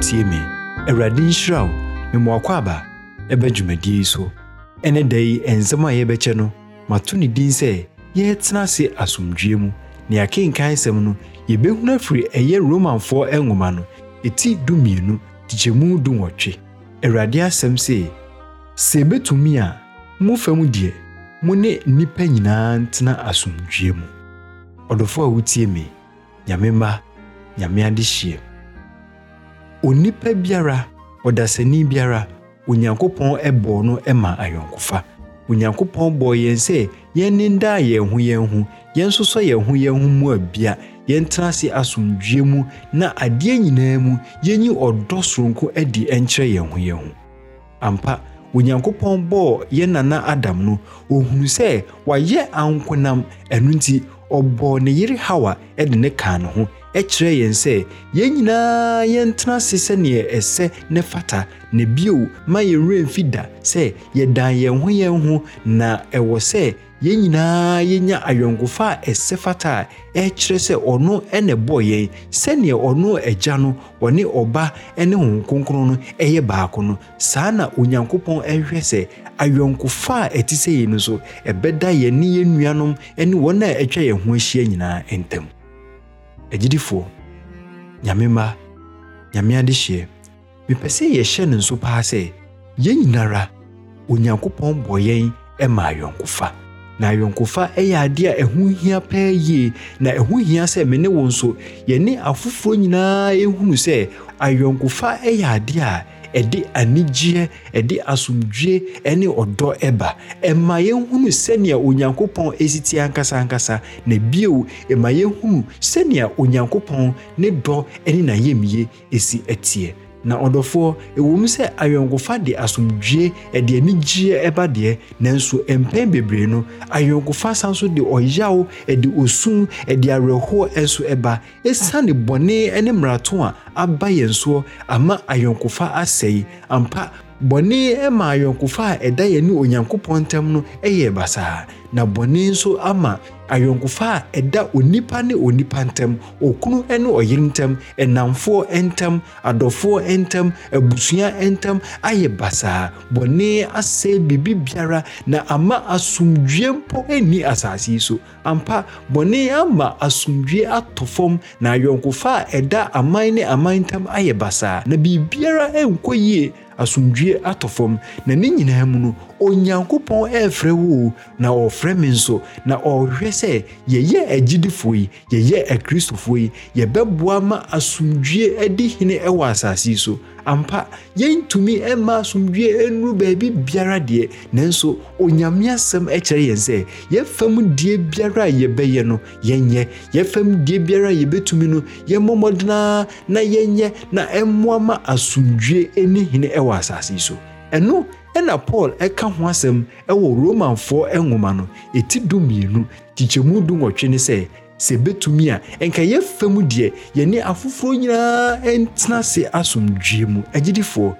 wotie me awurade nhyira wo memmoakɔ aba ɛbɛ dwumadie yi so ɛne da yi ɛnsɛm a yɛbɛkyɛ no mato ne din sɛ yɛtena ase asomdwie mu na yɛakenkan sɛm no yɛbɛhunu afiri ɛyɛ romanfoɔ nwoma no ɛti dumienu tikyɛmu dunwɔtwe awurade asɛm se sɛ ɛbɛtumi a mo fam deɛ mo ne nnipa nyinaa ntena asomdwie mu ɔdɔfoɔ a wotie me nyame mma nyame adehyeɛ onipa biara ɔdasani biara onyankopɔn ɛbɔɔ no ma ayɔnkofa onyankopɔn bɔɔ yɛn sɛ yɛn ne ndaa yɛn ho yɛn ho yɛn yɛn ho yɛn ho mu abia bia yɛntena ase asomdwie mu na adeɛ nyinaa mu yɛnyi ɔdɔ soronko adi nkyerɛ yɛn ho yɛn ho ampa onyankopɔn bɔɔ yɛn nana adam no ohunu sɛ wayɛ ankonam ɛno nti ɔbɔɔ ne yere hawa de ne ɛkyerɛ yɛn sɛ yɛn nyinaa yɛntena ase sɛneɛ ɛsɛ ne fata na bio ma yɛn yɛnwerɛ mfi da sɛ yɛdan yɛn ho yɛn ho na ɛwɔ sɛ yɛn nyinaa yɛnya ayɔnkofa a ɛsɛ fata a ɛkyerɛ sɛ ɔno ɛna ɛbɔ yɛn sɛneɛ ɔno ɛgya no ɔne ɔba ɛne honhom kronkron no ɛyɛ baako no saa na onyankopɔn ɛhwɛ sɛ ayɔnkofa a ɛte sɛ yɛn no so ɛbɛda yɛn ne yɛn nuanom ne wɔn a atwa yɛn ho ahyia nyinaa ntam agyidifoɔ nyame mma nyame adehyeɛ mepɛ sɛ yɛhyɛ no nso paa sɛ yɛn nyinara onyankopɔn bɔ yɛn ma ayɔnkofa na ayɔnkofa yɛ adeɛ a ɛho hia pɛɛ yie na ɛho hia sɛ me ne wo nso yɛne afoforɔ nyinaa ɛhunu sɛ ayɔnkofa yɛ adeɛ a ɛde anigyeɛ ɛde asomdwie ɛne ɔdɔ ɛba ɛma yɛnhunu sɛnea onyankopɔn ɛsiti ankasa ankasa na bio ɛma yɛnhunu sɛnea onyankopɔn ne dɔ ɛne n'ayamyɛ ɛsi ɛteɛ na ɔdɔfoɔ ɛwom sɛ ayɔnkofa de asomdwie ɛde anigyeɛ ɛba deɛ nanso mpɛn bebree no ayɔnkofa san so de ɔyaw ɛde osu ɛde awerɛhoɔ ɛnso ɛba ɛsiane bɔne ne mmarato a aba yɛn soɔ ama ayɔnkofa asɛe ampa bɔne ma ayɔnkofa a ɛda yɛn ne onyankopɔn ntam no ɛyɛ basaa na bɔne nso ama ayɔnkofa a ɛda onipa ne onipa ntɛm okunu ne ɔyere ntɛm ɛnamfoɔ ntɛm adɔfoɔ ntɛm abusua ntɛm ayɛ basaa bɔne asɛe biribi biara na ama asomdwie mpo ani asase so ampa bɔne ama asomdwie atɔ fam na ayɔnkofa a ɛda aman ne aman ntam ayɛ basaa na biribiara nkɔ yie asomdwie atɔ fam na ne nyinaa mu no onyankopɔn ɛɛfrɛ wo na ɔɔfrɛ me nso na ɔɔhwɛ sɛ yɛyɛ agyidifoɔ yi yɛyɛ akristofoɔ yi yɛbɛboa ma asomdwie adi hene wɔ asase yi so ampa yɛntumi ɛma asomdwie ɛnuru baabi biara deɛ nanso onyame asɛm ɛkyerɛ yɛn sɛ yɛfam die biara a yɛbɛyɛ no yɛnyɛ yɛfam die biara a yɛbɛtumi no yɛmmɔ na yɛnyɛ na ɛmmoa ma asomdwie ne hene ɛwɔ asase yi so ɛno ɛna paul ɛka ho asɛm ɛwɔ romanfoɔ ɛnwoma no eti du mmienu kyikyɛmu du nwɔtwe ne sɛ sɛ ɛbɛtumi a ɛnka yɛfa mu deɛ yɛne afoforɔ nyinaa ɛntena se asomdwee mu agyidifoɔ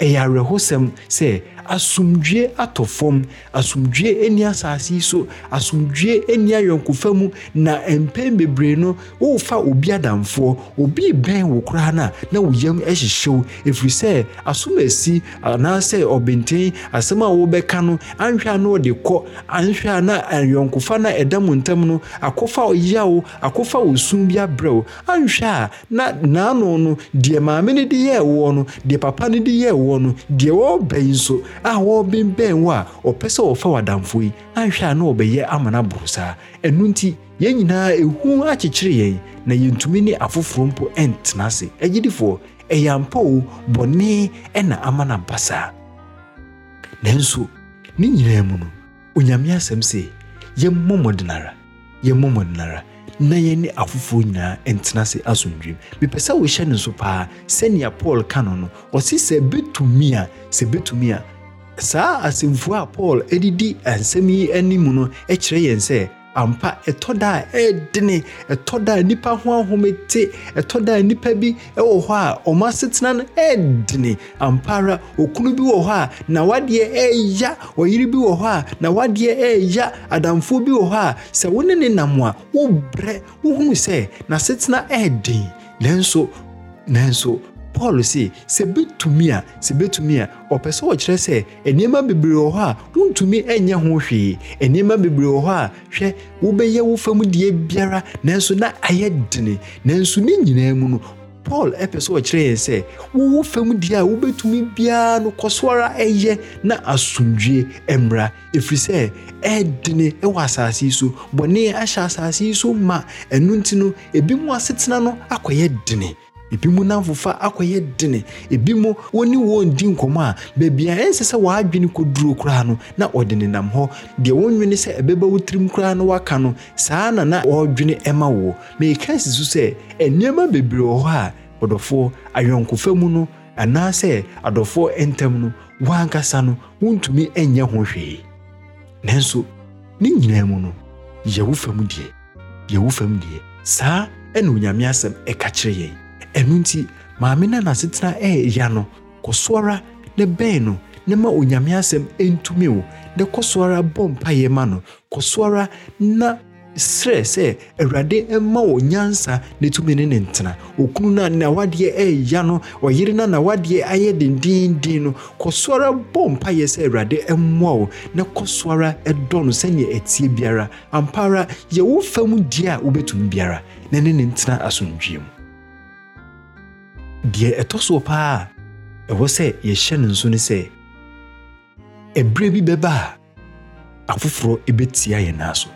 ɛyɛ awerɛhosɛm sɛ asomdwe atɔ fam asomdwe ani asase so asomdwe ani ayɔnkofa mu na mpɛn bebree no wofa obi adamfoɔ obi bɛn wo koraa no a na wo yam hyehyɛw ɛfiri sɛ asom asi anaasɛ ɔbɛnten asɛm a wobɛka no anhwɛ a na ɔde kɔ anhwɛ a na ayɔnkofa no ɛda mu ntam no akɔfa ɔya wo akɔfa wo sum bi abrɛ wo anhwɛ a na naano no deɛ maame no de yɛɛ woɔ no deɛ papa no de yɛɛ woɔ no deɛ wɔɔbɛn nso a wɔrebɛnbɛn wo a ɔpɛ sɛ ɔfa w'adamfo yi anhwɛ a na ɔbɛyɛ ama no aboro saa ɛno nti yɛn nyinaa ɛhu akyekyere yɛn na yɛntumi ne afoforɔ mpo ntena ase agyidifoɔ ɛyɛ ampa o bɔne ɛna ama no aba saa nanso ne nyinaa mu no onyame asɛm sɛ yɛmmɔ mmɔdenara yɛmmɔ mmɔdenara na yɛne afoforɔ nyinaa ntena ase asomdwem mepɛ sɛ wohyɛ no nso paa sɛnea paul ka no no ɔse sɛ bɛtumi a sɛ bɛtumi a saa asɛmfuo a paul ɛdidi nsɛm yi anim no ɛkyerɛ yɛn sɛ ampa ɛtɔ da a ɛɛdene ɛtɔ da a nnipa ho ahome te ɛtɔ da a nnipa bi ɛwɔ hɔ a ɔmo asetena no ɛɛdene ampa ara okunu bi wɔ hɔ a n'awadeɛ ɛɛya ɔyere bi wɔ hɔ a n'awadeɛ ɛɛya adamfoɔ bi wɔ hɔ a sɛ wo ne ne nam a wobrɛ wohunu sɛ n'asetena ɛɛden nanso nanso paul se sɛ bɛtumi a sɛ bɛtumi a ɔpɛ sɛ ɔkyerɛ sɛ nneɛma bebree wɔ hɔ a wontumi nyɛ ho hwee nneɛma bebree wɔ hɔ a hwɛ wobɛyɛ wo fam deɛ biara nanso na ayɛ dene nanso ne nyinaa mu no paul ɛpɛ sɛ ɔkyerɛ yɛn sɛ wowɔ fam deɛ a wobɛtumi biara no kɔ ɛyɛ na asomdwie mmra ɛfiri sɛ ɛdene ɛwɔ asase yi so bɔne ahyɛ asase yi so ma ɛno nti no ebi mu asetena no akɔyɛ dene ebi mu nanfofa akɔyɛ dene ebi mu wɔne wɔn di nkɔmɔ a beebi a ɛnsɛ sɛ wɔadwene kɔduro koraa no na ɔde nenam hɔ deɛ wɔnwene sɛ ɛbɛba wo tirim koraa na waka no saa na na ɔredwene ɛma wo mɛka si so sɛ nneɛma bebree wɔ hɔ a ɔdɔfoɔ ayɔnkofa mu no anaasɛ adɔfoɔ ntam no wankasa no wontumi nyɛ ho hwee nanso ne nyinaa mu no yɛwo fam deɛ yɛwo fam deɛ saa ɛna onyame asɛm ɛka kyerɛ yɛn ɛno nti maame no n'asetena ɛɛya no kɔ ne bɛn no ne ma onyame asɛm ɛntumi wo ne kɔ so ara bɔ mpayɛ ma no kɔ na serɛ sɛ awurade ma wɔ nyansa ne tumi ne ne ntena okunu no a nawadeɛ ɛɛya no ɔyere no a nawadeɛ ayɛ dendenden no kɔ so ara bɔ mpayɛ sɛ awurade mmoa wo na kɔ ɛdɔ no sɛnea ɛtie biara ampa ara yɛwo fa deɛ a wobɛtumi biara na ne ne ntena asomdwie mu deɛ ɛtɔ soɔ paa ɛwɔ sɛ yɛhyɛ no nso ne sɛ ɛberɛ bi bɛba a afoforɔ ɛbɛtia yɛn naa so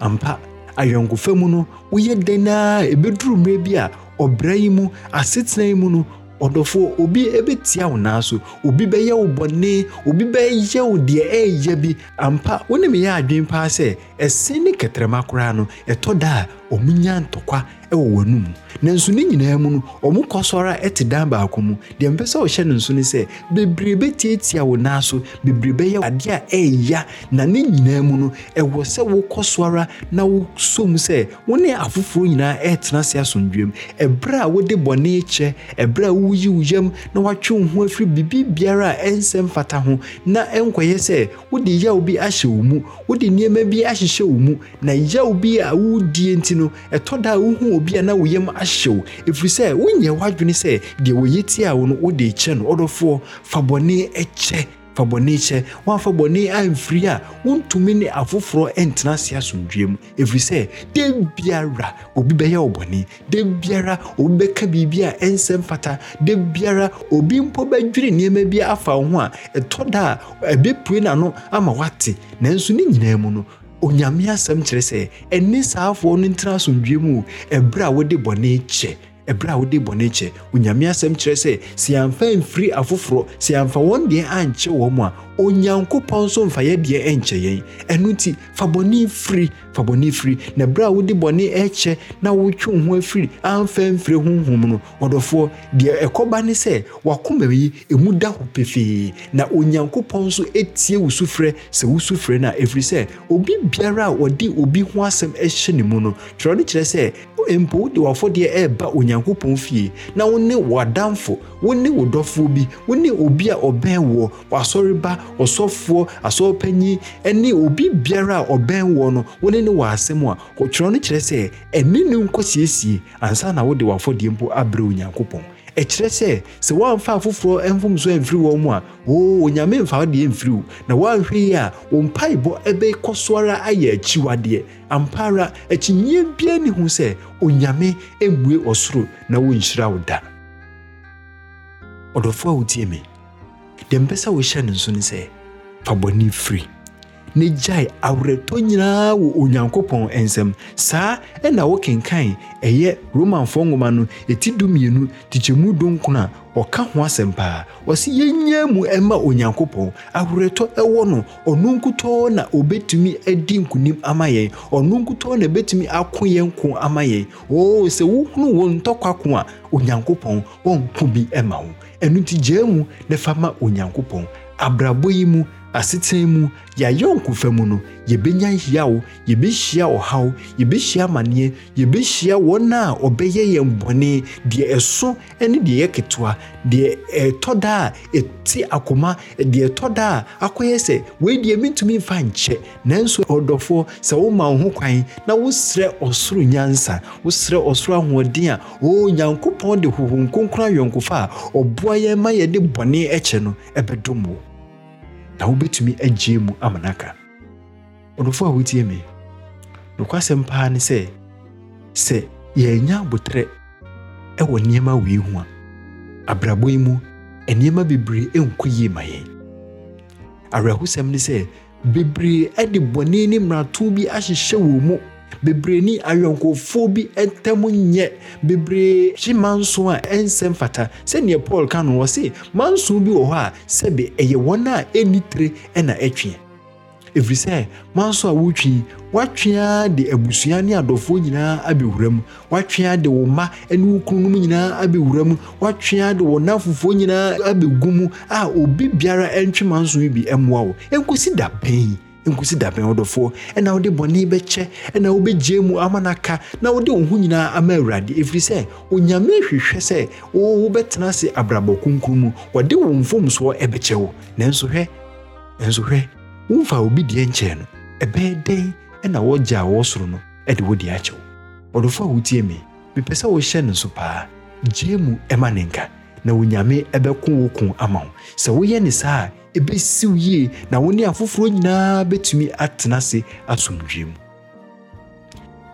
ampa ayɔnkofa mu no woyɛ dɛn naa ɛbɛduru mmerɛ bi a ɔbra yi mu asetena yi mu no ɔdɔfoɔ obi ɛbɛtia wo naa so obi bɛyɛ wo bɔne obi bɛyɛ wo deɛ ɛɛyɛ bi ampa wo ne meyɛ adwen paa sɛ ɛsɛn ne kɛtɛrɛma koraa no ɛtɔ da a ɔmo nya ntɔkwa ɛwɔ wɔn mu nanso ne nyinaa mu no ɔmo kɔ sɔrɔ a ɛte dan baako mu deɛ mpɛ sɛ ɔhyɛ no nso ne sɛ bebree bɛtiatia wo nan so bebree bɛyɛ adeɛ a ɛɛya na ne nyinaa mu no ɛwɔ sɛ wokɔ na wosɔ mu sɛ wo ne afoforɔ nyinaa ɛɛtena se asomdwea mu ɛberɛ a wode bɔne kyɛ ɛberɛ a woyi wo yam na watwe wo ho afiri biribi biara a ɛnsɛ mfata ho na ɛnkɔyɛ sɛ wode yaw bi ahyɛ wo mu wode nneɛma bi ahyehyɛ hyehyɛ wo mu na yaw bi a wodie nti no ɛtɔ da a wohu obi a na wo yam ahyɛ wo ɛfiri sɛ wonyɛ w'adwene sɛ deɛ wɔyɛ tia wo no wode kyɛ no ɔdɔfoɔ fa bɔne ɛkyɛ fa bɔne kyɛ woamfa bɔne amfiri a wontumi ne afoforɔ ɛntena ase asomdwue mu ɛfiri sɛ da biara obi bɛyɛ wo bɔne da biara obi bɛka biribi a ɛnsɛ mfata da biara obi mpo bɛdwere nneɛma bi afa wo ho a ɛtɔ da a ɛbɛpue n'ano ama woate nanso ne nyinaa mu no onyame asɛm kyerɛ sɛ ɛne saafoɔ no ntena asomdwe mu ɛberɛ a wode bɔne kyɛ ɛberɛ a wode bɔne kyɛ onyame asɛm kyerɛ sɛ sɛ yɛamfa mfiri afoforɔ sɛ yɛamfa wɔn deɛ ankyɛ wɔ mu a onyankopɔn nso mfa yɛ ɛnkyɛ yɛn ɛno nti fa bɔne firi fa bɔne firi na ɛberɛ a wode bɔne ɛkyɛ na wotwe wo ho afiri amfa mfiri honhom no ɔdɔfoɔ deɛ ɛkɔba ne sɛ wakoma yi ɛmu da ho pefee na onyankopɔn nso ɛtie wo sufrɛ sɛ wo sufrɛ no a ɛfiri sɛ obi biara a ɔde obi ho asɛm ɛhyɛ ne mu no twerɛ no kyerɛ sɛ mpo wode wafɔdeɛ ɛreba onyankopɔn onyankopɔn fie na wo ne w'adamfo wo ne wo dɔfoɔ bi wo ne obi a ɔbɛn wɔ w'asɔreba ɔsɔfoɔ asɔpanyi ne obi biara a ɔbɛn wɔ no wo ne ne wɔ asɛm a ɔtwerɛ no kyerɛ sɛ ɛne ne nkɔ siesie ansa na wode w'afɔdeɛ mpo abrɛ onyankopɔn ɛkyerɛ sɛ sɛ woamfa afoforɔ mfomso amfiri wɔ mu a oo onyame mfa wodeɛ mfiri wo na woanhwɛ yi a wo mpaebɔ ɛbɛkɔ so ara ayɛ akyiwadeɛ ampa ara akyinnyɛ biara ne ho sɛ onyame mmue ɔsoro na wonhyira wo da ɔdɔfoɔ a wotie me deɛ mpɛ sɛ wohyɛ ne nso ne sɛ fa bɔne firi ne gyae awerɛtɔ nyinaa wɔ onyankopɔn nsɛm saa ɛna wokenkan ɛyɛ romanfoɔ nwoma no ɛti dumienu tikyɛmu dunkon a ɔka ho asɛm paa ɔsɛ yɛnyɛ mu ɛma onyankopɔn awerɛtɔ ɛwɔ no ɔno nkutɔɔ na obetumi adi nkonim ama yɛn ɔno nkutɔɔ na ɛbɛtumi ako yɛn ko ama yɛn oo sɛ wohunu wɔ ntɔkwako a onyankopɔn wɔnko bi ɛma wo ɛno nti gyaa mu na fa ma onyankopɔn abrabɔ yi mu asetena mu yɛayɛ nkɔfa mu no yɛbɛnya hyiawo yɛbɛhyia ɔhaw yɛbɛhyia amanneɛ yɛbɛhyia wɔn a ɔbɛyɛ yɛn bɔne deɛ ɛso ne deɛ ɛyɛ ketewa deɛ ɛtɔ da a ɛte akoma deɛ ɛtɔ da a akɔyɛ nkyɛ nanso ɔdɔfoɔ sɛ woma kwan na wosrɛ ɔsoro nyansa wosrɛ ɔsoro a oo nyankopɔn de honhom kronkron a ɔboa yɛn ma na wobɛtumi agyee mu ama naka ɔdɔfo a wotie me nokwasɛm paa ne sɛ sɛ yɛanya abotrɛ ɛwɔ nneɛma wei ho a abrabɔ yi mu nneɛma bebree nkɔ yie ma yɛn awerɛhosɛm ne sɛ bebree de bɔne ne mmarato bi ahyehyɛ wɔ mu bebree ne awɛnkofoɔ bi ntam nyɛ bebree hye manso a ɛnsɛ fata. Sɛdeɛ paul ka no wɔ se manso bi wɔ hɔ a sɛbe ɛyɛ wɔn a ɛnni tire ɛna ɛtwe ɛfiri sɛ manso a wɔtwi, watwea de abusua ne adɔfoɔ nyinaa abɛwura mu Watwea de wo mma ne wo kununom nyinaa abɛwura mu Watwea de wo nafofoɔ nyinaa abɛgu mu a obi biara ntwe manso yi bi ɛmmoa wo ɛnkɔsi da pɛn nkwụsị dabe ɔdɔfoɔ ɛna wode bɔne bɛkyɛ ɛna wobɛgyee mu ama no aka na wode wo ho nyinaa ama awurade ɛfiri sɛ onyame hwehwɛ sɛ wobɛtena ase abrabɔ kronkron mu wɔde wo mfomsoɔ ɛbɛkyɛ wo nanso hwɛ nanso hwɛ obi deɛ nkyɛn no ɛna a wɔ ɛde akyɛ wo ɔdɔfoɔ a wotie me mepɛ na ɛbɛsiw yie na wo ne afoforɔ nyinaa bɛtumi atena ase asomdwe mu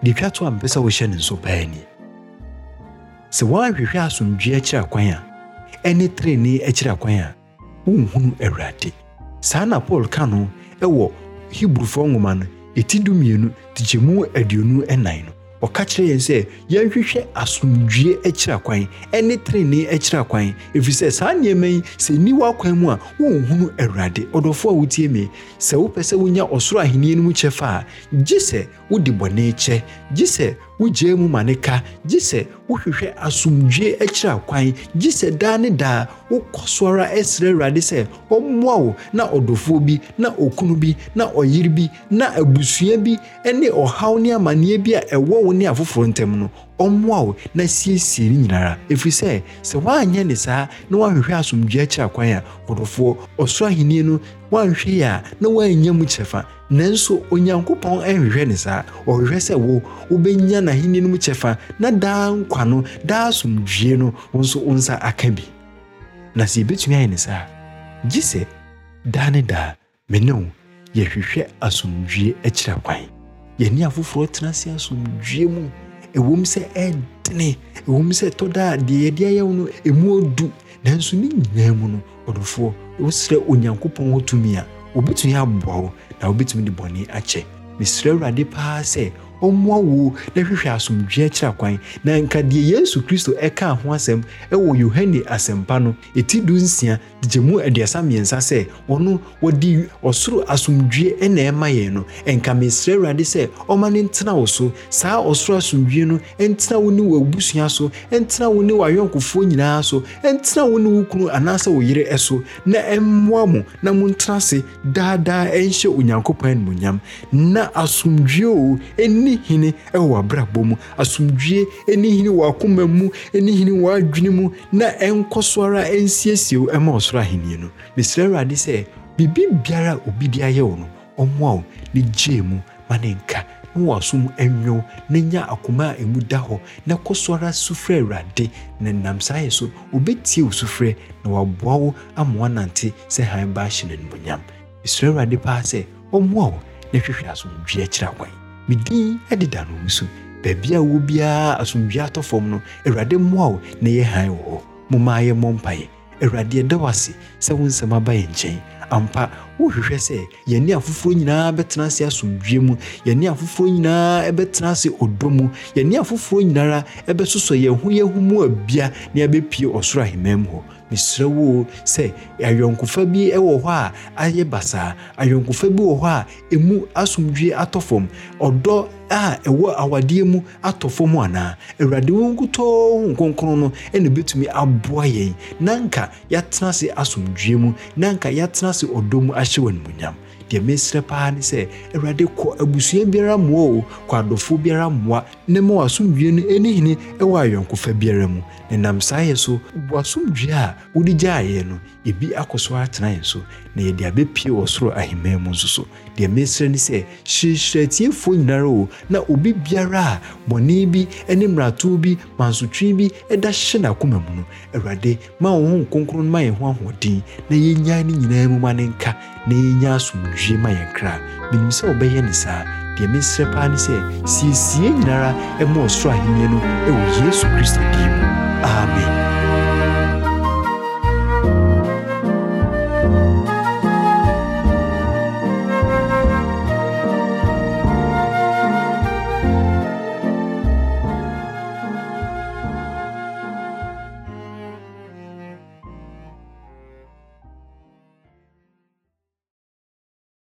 deɛ twa to a mpɛ sɛ wohyɛ ne nso paa ni sɛ woanhwehwɛ asomdwe akyirɛ kwan a ɛne trenee akyirɛ kwan a wonhunu awurade saa na paul ka no ɛwɔ hebrifoɔ nwoma no ɛti dumienu tikyɛmu aduonu ɛnan no ɔka kyerɛ yɛn sɛ yɛnhwehwɛ asomdwie akyira kwan ɛne tenenee akyira kwan ɛfiri sɛ saa nneɛma yi sɛ ni w'akwan mu a wonhunu awurade ɔdɔfoɔ a wotie me sɛ wopɛ sɛ wonya ɔsoro ahenni no mu kyɛfa a gye sɛ wode bɔne kyɛ gye sɛ wogyee mu ma ne ka gye sɛ wohwehwɛ asomdwee akyira kwan gye sɛ daa ne daa wokɔ so ara ɛsrɛ awurade sɛ ɔmmoa wo na ɔdɔfoɔ bi na ɔkunu bi na ɔyere bi na abusua bi ne ɔhaw ne amanneɛ bi a ɛwɔ wo ne afoforɔ ntam no ɔmmoa wo na siesie ne nyinara ɛfiri sɛ sɛ woanyɛ ne saa na woahwehwɛ asomdwee akyira kwan a ɔdɔfoɔ ɔsoro ahenni no woanhwɛ yɛ a na woannya mu kyerɛfa nanso onyankopɔn nhwehwɛ ne saa ɔhwehwɛ sɛ wo wobɛnya n'ahenni no mu kyɛfa na daa nkwa no daa asomdwie no wo nso wo nsa aka bi na sɛ yɛbɛtumi ayɛ ne saa gye sɛ daa ne daa me ne wo yɛhwehwɛ asomdwie akyira kwan yɛne afoforɔ tena se asomdwie mu ɛwom sɛ ɛdene ɛwom sɛ ɛtɔ da a deɛ yɛde ayɛ wo no ɛmu ɔdu nanso ne nyinaa mu no ɔdɔfoɔ wosrɛ onyankopɔn hɔ tumi a wɔbɛtumi aboa wo na wobɛtumi de bɔne akyɛ mesrɛ awurade paa sɛ ɔmmoa wo na hwehwɛ asomdwee akyira kwan na nka deɛ yesu kristo ɛkaa ho asɛm ɛwɔ yohane asɛmpa no ɛti du nsia gyemu aduasa mmiɛnsa sɛ ɔno wɔde ɔsoro asomdwee ɛna ɛma yɛn no ɛnka mesrɛ awurade sɛ ɔma no ntena wo so saa ɔsoro asomdwee no ɛntena wo ne w'abusua so ɛntena wo ne w'ayɔnkofoɔ nyinaa so ɛntena wo ne wo kunu anaasɛ wo yere ɛso na ɛmmoa mo na montena ase daadaa ɛnhyɛ onyankopɔn animuonyam na asomdwee o ɛni ne hene wɔ w'abrabɔ mu asomdwie ne hene wɔ akoma mu ne hene wɔ adwene mu na ɛnkɔ so ara ɛnsiesie wo ma ɔsoro ahenni no mesrɛ awurade sɛ biribi biara obi de ayɛ wo no ɔmmoa wo ne gyee mu ma ne nka na wɔasom ɛnwow na nya akoma a ɛmu da hɔ na kɔ so ara sufrɛ awurade na nam saa yɛ so wobɛtie wo sufrɛ na waboa wo ama woanante sɛ hann baa hye no animonyam ɛsrɛ awurade paa sɛ ɔmmoa wo na hwehwɛ asomdwea kyerɛ kwan me din ɛdeda e no mu so baabi a wo biara asomdwea atɔ fam no awurade mmoa wo na yɛ han wɔ hɔ mommaa yɛ mmɔ mpaeɛ awurade ɛda wo ase sɛ wo nsɛm aba yɛ nkyɛn ampa wohwehwɛ sɛ yɛne afoforɔ nyinaa bɛtena ase asomdwe mu yɛne afoforɔ nyinaa ɛbɛtena ase ɔdɔ mu yɛne afoforɔ nyinara ɛbɛsosɔ yɛn ho yɛn ho mu abia na yɛbɛpie ɔsoro ahemman mu hɔ mesrɛ wo sɛ ayɔnkofa bi wɔ hɔ a ayɛ basaa ayɔnkofa bi wɔ hɔ a ɛmu asomdwie atɔ fam ɔdɔ a ɛwɔ awadeɛ mu atɔ fam anaa awurade wo nkutɔɔ nkronkron no ɛna ɛbɛtumi aboa yɛn na nka yɛatena ase asomdwie mu na nka yɛatena ase ɔdɔ mu ahyɛ wɔ animuonyam deɛ mesrɛ paa ne sɛ awurade kɔ abusua biara mmoa o kɔ adɔfoɔ biara mmoa na ma wasomdwie no ɛne hene ɛwɔ ayɔnkofa biara mu na nam saa yɛ so wasomdwie a wode gyaayɛ no ebi akɔ so atena yɛn so na yɛde abɛpie wɔ soro ahemman mu nso so deɛ mesrɛ ne sɛ hyehyerɛ nyinara o na obi biara a bɔne bi ne mmarato bi mansotwe bi ɛda hyɛ n'akoma mu no awurade ma wo ho nkonkron ma yɛn ho ahoɔden na yɛnyaa ne nyinaa mu ma ne nka na yɛnya asomdwie ma yɛn kra menim sɛ wobɛyɛ ne saa deɛ mesrɛ paa ne sɛ siesie nyinara ɛma ɔsoro ahenniɛ no ɛwɔ yesu kristo din mu amen